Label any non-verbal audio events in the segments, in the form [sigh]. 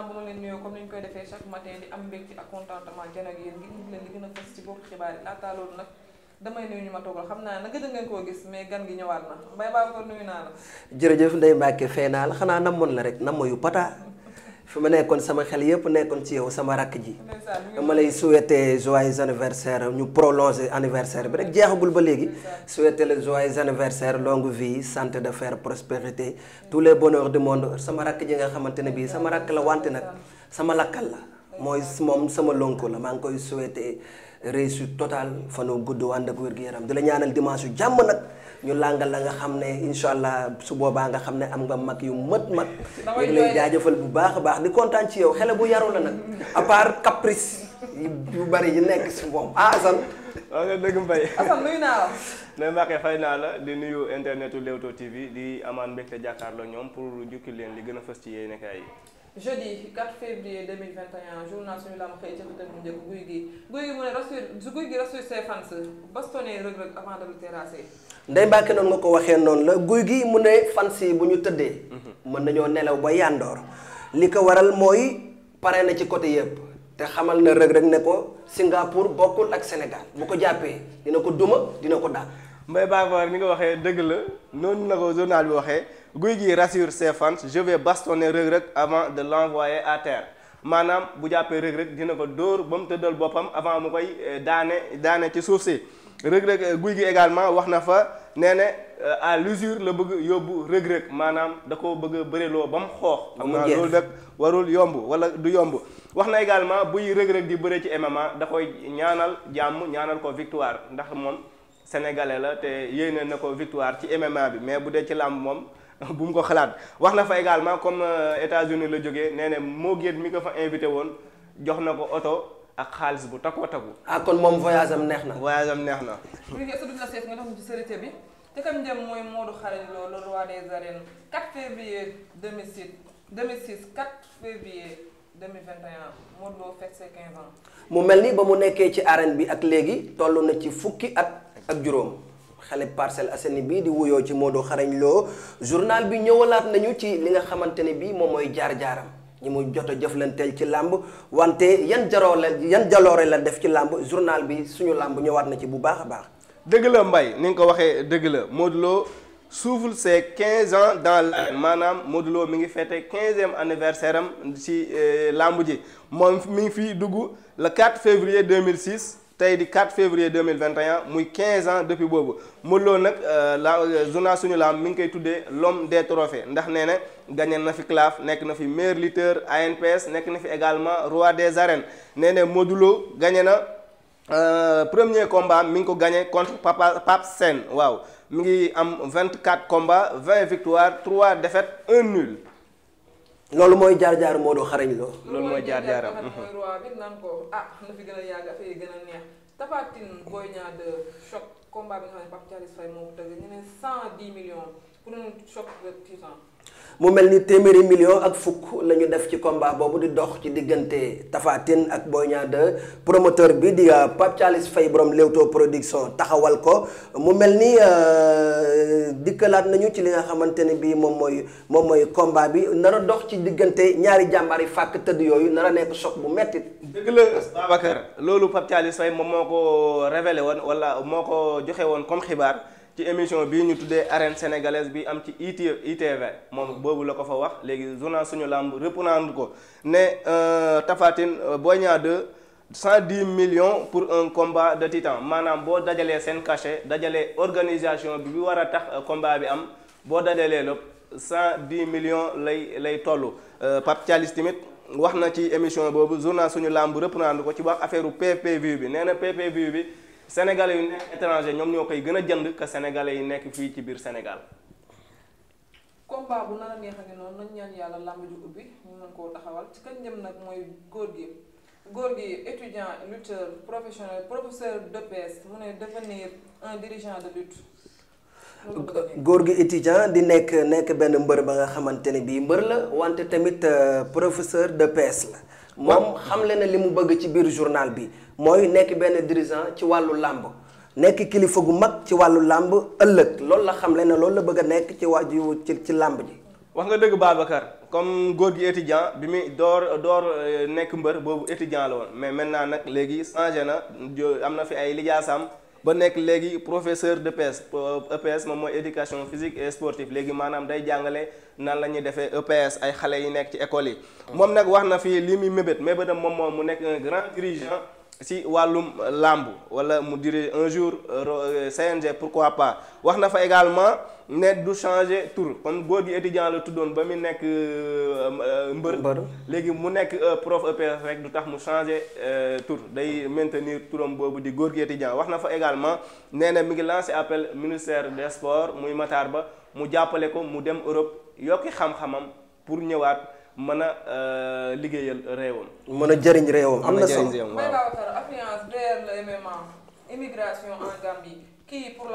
ginnaaw bu ma leen nuyoo comme ni ñu koy defee chaque matin di am mbégte ak contentement jën ak yéen ngir ñu leen li gën a fës ci bopp xibaar yi laataa loolu nag damay nuyu ñu ma toogal xam naa nag gëj ngeen koo gis mais gan gi ñëwaat na Mbaye Babacar nuyu naa la. jërëjëf Ndeye Mbacke fee naa la xanaa namoon la rek namm yu pata fi ma nekkoon sama xel yëpp nekkoon si yow sama rakk ji. dama lay souhaiter joyeux anniversaire ñu prolonger anniversaire bi rek jeexagul ba léegi. souhaiter le joyeux anniversaire longue vie santé de faire prospérité tous les bonheurs du monde sama rakk ji nga xamante ne bii sama rakk la wante nag sama lakkal la mooy moom sama lonko la maa ngi koy souhaiter réussite totale fanoo gudd ànd ak wér-gu-yaram di la ñaanal dimanche yu jàmm nag. ñu làngal la nga xam ne incha allah su boobaa nga xam ne am nga mag yu mët mag ñu jaajëfal bu baax a baax di kontaan ci yow xele bu yaru la nag à part caprice yu bari yi nekk si moom ah Assane waaw nga dëgg Mbaye Assane nuyu naa la [laughs] Mbacke fay naa la di nuyu internetu Leewtoo TV di amaan mbégte jàkkaarloo ñoom pour jukki leen li gën a fës ci yéen nekkaay yi jeudi 4 février 2021 journal suñu lamb xëy ci xëtam bu njëkk guy gi guy gi mu gi rassure ses fans bastonné Reug Reug avant de le Ndeye Mbacke noonu nga ko waxee noonu la guy gi mu ne fan si bu ñu tëddee. mën nañoo nelaw ba yàndoor li ko waral mooy pare na ci côté yëpp te xamal na rëg rek ne ko Singapour bokkul ak Sénégal bu ko jàppee dina ko duma dina ko daan. Mbaye Babacar ni nga waxee dëgg la noonu la ko journal bi waxee guy gi rassure ses fans je vais bastonner rëg rek avant de l'envoyer à terre. maanaam bu jàppee Reug Reug dina ko dóor ba mu tëddal boppam avant mu koy eh, daane daane ci suuf si Reug Reug eh, guy gi également wax na fa nee ne eh, à l'usure la bëgg yóbbu Reug Reug maanaam da ko bëgg a bëreloo ba mu xoox xam naa loolu nag warul yomb wala du yomb wax na également buy Reug Reug di bëre ci MMA da koy ñaanal jàmm ñaanal ko victoire ndax moom sénégalais la te yéene na ko victoire ci MMA bi mais bu dee ci làmb moom [laughs] bu mu ko xalaat wax na fa également comme euh, États-Unis la jógee nee moo géet mi nga fa invité woon jox na ko oto ak xaalis bu takku takku. ah kon moom voyage am neex na. voyage am neex na. bu ñu la seet nga doon ci sérité bi te kam dem mooy Modou Xarañ Lo le roi des arènes 4 février 2006 2006 4 février. 2021 Modou Lo fête ses mu mel ni ba mu nekkee ci arène bi ak léegi toll na ci fukki ak ak juróom xale parcelle Assainies bi di wuyoo ci Modou Xarañ loo journal bi ñëwalaat nañu ci li nga xamante ne bii moom mooy jaar-jaaram ñi mu jot a jëflanteel ci làmb wante yan jaroole yan jaloore la def ci làmb journal bi suñu làmb ñëwaat na ci bu baax a baax. dëgg la Mbaye ni nga ko waxee dëgg la Modou Lo souffle ses 15 ans dans l'arène maanaam Modou mi ngi fêté 15e anniversaire am ci euh, làmb ji moom mi ngi fi dugg le 4 février 2006 tey di 4 février 2021 muy quinze ans depuis boobu Modou Lo nag euh, la euh, journal suñu làmb mi ngi koy tuddee l'homme des trophées ndax nee na gagné na fi CLAF nekk na fi meilleur lutteur ANPS nekk na fi également roi des arènes nee na Modou Lo gagné na premier combat mi ngi ko gagné contre Papa Pape Sène waaw. mu ngi am vingt quatre combats vingt victoires trois défaites un nul. loolu mooy jaar-jaar Modou xarañ loo. loolu mooy jaar-jaaram loolu mooy jaar-jaaram naan ko ah na fi gën a yàgg affaire yi gën a neex Tapha Tine Boy Niang de choc combat bi nga xam ne Pape Thialis Faye moo ko tëgg cent dix millions pour un choc de titan. mu mel ni téeméeri million ak fukk la ñu def ci combat boobu di dox ci diggante tafaatin ak Boy Niang 2 promoteur bi di euh, Pape Thialis Faye borom Leewtoo production taxawal ko mu mel ni euh, dikkalaat nañu ci li nga xamante ne bii moom mooy moom mooy combat bi nar a dox ci diggante ñaari jàmbaar yi fàkk tëdd yooyu nar a nekk choc bu metti dëgg la Babacar loolu Pape Thialis Faye moom moo ko révélé woon wala moo ko joxe woon comme xibaar ci émission bii ñu tuddee arène sénégalaise bi am ci IT ITV moom boobu la ko fa wax léegi journal suñu làmb reprendre ko ne euh, Tapha Tine euh, Boy Niang 2 cent dix millions pour un combat de titan maanaam boo dajalee seen cachet dajale organisation bi bi war a tax euh, combat bi am boo dajalee lépp cent dix millions lay lay toll Pape Thialis tamit wax na ci émission boobu journal suñu làmb reprendre ko ci wax affaire PPV bi nee PPV bi sénégalais yu nekk étranger ñoom ñoo koy gën a jënd que sénégalais yi nekk fii ci biir Sénégal. combat bu nar a neexee noonu nañ ñaan yàlla làmb ju ubbi ñu mën koo taxawal ci kañ jëm nag mooy góor gi góor gi étudiant lutteur professionnel professeur d'EPS mu ne devenir un dirigeant de lutte. góor gi étudiant di nekk nekk benn mbër ba nga xamante ne bii mbër la wante tamit euh, professeur de d'EPS la. moom xamle na li mu bëgg ci biir journal bi mooy nekk benn dirigeant ci wàllu làmb nekk kilifa gu mag ci wàllu làmb ëllëg loolu la xamle na loolu la bëgg a nekk ci wàju ci ci làmb ji wax nga dëgg Babacar comme góor gi étudiant bi muy door door euh, nekk mbër boobu étudiant la woon mais maintenant nag léegi changé na am na fi ay lijaasaam ba nekk léegi professeur de EPS EPS moom mooy éducation physique et sportive léegi maanaam day jàngale nan la ñuy defee EPS ay xale yi nekk ci école yi. moom nag wax na fii li mi mébét mébétam moom moom mu nekk un grand dirigeant. si wàllum làmb wala mu diri un jour euh, CNG pourquoi pas wax na fa également. ne du changer tour comme góor gi étudiant la tuddoon ba mu nekk euh, mbër léegi mu nekk euh, prof EPS rek du tax mu changer euh, tour day maintenir turam boobu di góor gi étudiant wax na fa également nee na mi ngi lancé appel ministère des muy Matar Ba mu jàppale ko mu dem Europe yokki xam-xamam pour ñëwaat mën a liggéeyal réewam. mën a jëriñ réewam. am na solo mën a jëriñ réewam waaw. immigration en Gambie. kii pour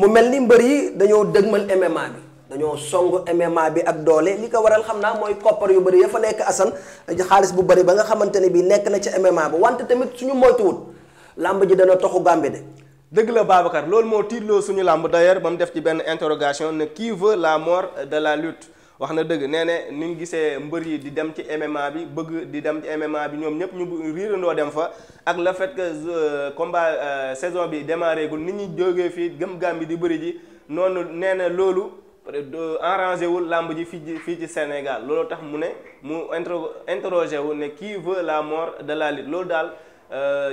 mu mel ni mbër yi dañoo dëgmal MMA bi dañoo song MMA bi ak doole li ko waral xam naa mooy koppar yu bëri ya fa nekk Assane xaalis bu bari ba nga xamante ne bii nekk na ca MMA ba wante tamit suñu moytuwul làmb ji dana toxu gàmbi de. dëgg la Babacar loolu moo tiitloo suñu làmb d'ailleurs ba mu def ci benn interrogation ne qui veu la mort de la lutte. wax na dëgg nee ne ni ñu gisee mbër yi di dem ci MMA bi bëgg di dem ci MMA bi ñoom ñëpp ñu riirandoo dem fa ak la fait que euh, combat euh, saison bi démarré gul nit ñu jógee fii gëm gàm bi di bëri ji noonu nee na loolu euh, arrangé wul làmb ji fii ci fii ci Sénégal loolu tax mu ne mu intro interrogé wu ne kii veut la mort de la lutte loolu daal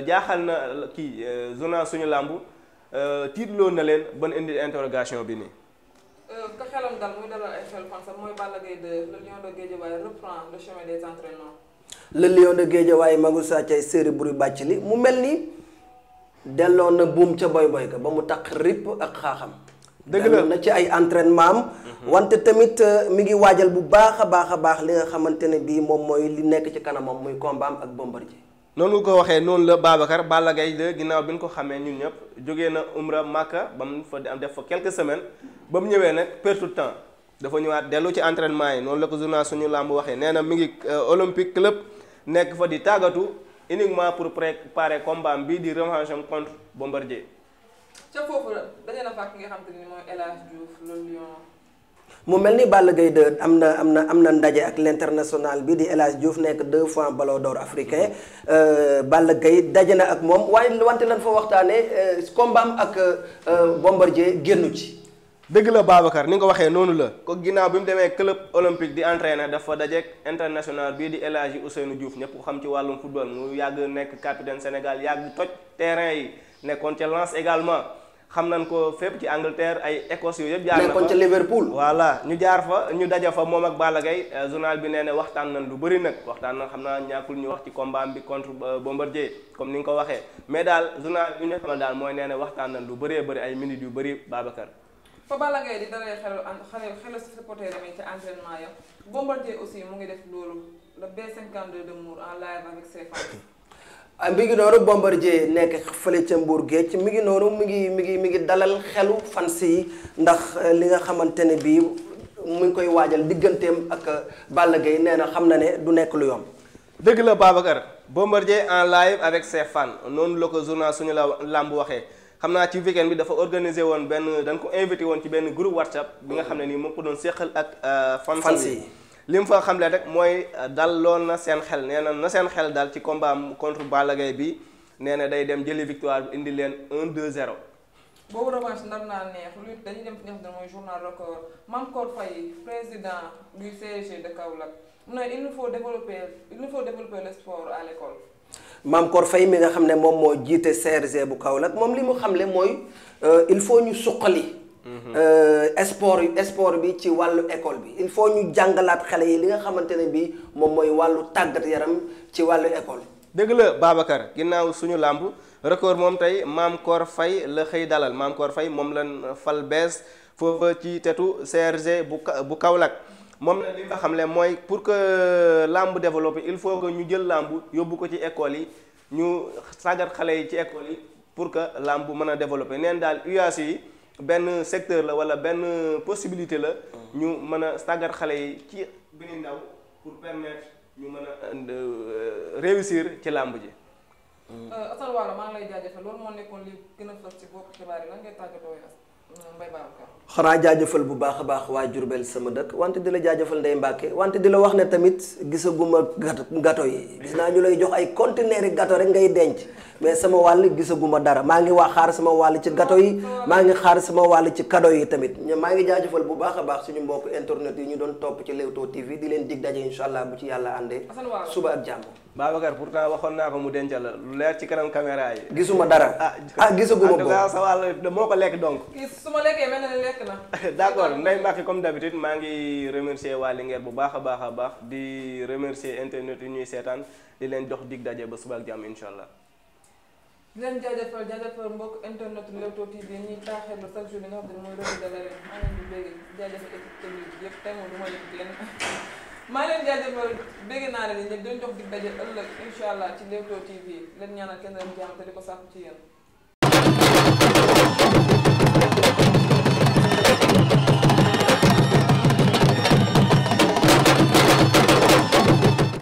jaaxal na kii journal suñu làmb tiitloo na leen bën indi interogation bi nii. ka euh, xelam dal muy dalal ay xel fan sax mooy Balla des entraînements. le lion de Guédiawaye magu saa cay séeri buri bàcc li mu mel ni delloo na buum ca boy boy ka ba mu tax ripp ak xaaxam. dëgg na ci ay entraînement am. Mhm. wante tamit euh, mi ngi waajal bu baax a baax a baax li nga xamante ne bii moom mooy li nekk ci kanamam muy combat am ak Bombardier noonu ko waxee noonu la Babacar Balla gay de ginnaaw bi nu ko xamee ñun ñëpp jógee na umra Màkka ba mu fa def fa quelques semaines ba mu ñëwee nag perte temps dafa ñëwaat dellu ci entrainement yi noonu la ko journal suñu làmb waxee nee na mi ngi euh, olympique club nekk fa di tàggatu uniquement pour préparer combat bii di revanche am contre Bombardier. ca foofu la daje na fàkk nga xam te ni mooy El Hadj Diouf le mu mel ni Balla gay 2 am na am na am na ndaje ak l'international bi di El Hadj nekk de fois ballon d'or africain euh, Balla Gaye daje na ak moom waaye wante na fa waxtaanee kombaam euh, ak euh, Bombardier génnu ci. dëgg la Babacar ni nga ko waxee noonu la ko ginnaaw bi mu demee club olympique di entraîner dafa dajeek international bii di El Hadji Ousseynou Diouf ñëpp ko xam ci wàllum football mu yàgg nekk capitaine Sénégal yàgg toj terrain yi nekkoon ci Lens également. xam nañ ko fépp ci Angleterre ay Écosse yooyu yëpp. jaar na fa nekkoon voilà ñu jaar fa ñu daja fa moom ak Balla Gaye euh, journal bi nee ne waxtaan nañ lu bëri nag waxtaan na xam naa ñàkkul ñu wax ci combat bi contre euh, Bombardier comme ni nga ko waxee mais daal journal bi ne xamal daal mooy nee ne waxtaan nañ lu bëree bëri ay minutes yu bëri Babacar. fa Balla Gaye di dalee xel xel xel supporter yi ci entraînement ya Bombardier aussi mu ngi def loolu la B52 en live avec ses fans. Ah, mi ngi noonu Bombardier nekk fële ca Mbour géej mi ngi noonu mi ngi mi ngi mi ngi dalal xelu fans yi ndax eh, li nga xamante ne bii mu ngi koy waajal digganteem ak eh, Balla Gaye nee na xam na ne du nekk lu yomb. dëgg la Babacar Bombardier en live avec ses fans noonu loo ko journal suñu la làmb waxee xam naa ci weekend bi dafa organisé woon benn dañ ko invité woon ci benn groupe WhatsApp bi nga xam ne nii moom ko doon seqal ak. Eh, fans yi li mu fa xamle rek mooy euh, dal loon na seen xel nee na na seen xel dal ci combat am contre Balla bi nee na day dem jëli victoire bi indi leen un 2 0 boobu revanche nar naa neex lu dañuy dem fi nga xam ne mooy journal record Mankor Faye président du CSG de Kaolack mu ne il faut développer il faut développer le sport à l'école. Mankor Faye mi nga xam ne moom moo jiite CSG bu Kaolack moom li mu xam xamle mooy euh, il faut ñu suqali. Mhm. Euh, sport sport bi ci wàllu école bi il faut ñu jàngalaat xale yi li nga xamante ne bi moom mooy wàllu tàggat yaram ci wàllu école. dëgg la Babacar ginnaaw suñu làmb record moom tey Maam Koor Fay la xëy dalal Maam Koor Fay moom lan fal bees foofa ci tetu CRG bu bu Kaolack moom la li nga xam ne mooy pour que làmb développé il faut que ñu jël làmb yóbbu ko ci école yi ñu sàggat xale yi ci école yi pour que bu mën a développé neen daal UAC yi. benn secteur la wala benn possibilité la. Hmm. ñu mën a staggar xale yi ci beneen ndaw pour permettre ñu mën a euh, réussir ci làmb ji. Euh, Assane Waala maa ngi lay jaajëfal loolu moo nekkoon li gën a fës ci bopp xibaar yi lan ngay tàggatoo xanaa jaajëfal bu baax a baax waa Jurbel sama dëkk wante di la jaajëfal Ndeye Mbacke wante di la wax ne tamit gisaguma gato yi gis naa ñu lay jox ay conteneur yi gato rek ngay denc mais sama wàll gisaguma dara maa ngi wax xaar sama wàll ci gato yi maa ngi xaar sama wàll ci kado yi tamit maa ngi jaajëfal bu baax a baax suñu mbokk internet yi ñu doon topp ci Leewtoo TV di leen dig daje incha allah bu ci yàlla àndee suba ak jàmm Babacar pourtant waxoon naa ko mu denca la lu leer ci kanam caméra yi. gisuma dara ah, ah gisaguma ko ah sa wàll moo ko lekk donc. su ma lekkee mel na lekk na. [laughs] d'accord Ndeye Mbacke comme d'habitude maa ngi remercier waa Linguère bu baax a baax a baax di remercier internet yu ñuy seetaan di leen dox dig daje ba suba ak jàmm incha allah. di leen jaajëfal jaajëfal mbokk internet Leewtoo TV ñuy taaxee ba chaque jour li nga xam mooy revue de maa ngi leen di bëgg jaajëfal équipe technique yëpp tey moom du ma leen génn. [laughs] maa leen jaajëfal dégg naa ne ni ñëpp doon jox dig daje ëllëg incha allah ci Leewtoo TV leen ñaanal kenn leen jàmm te di ko sàkku ci yéen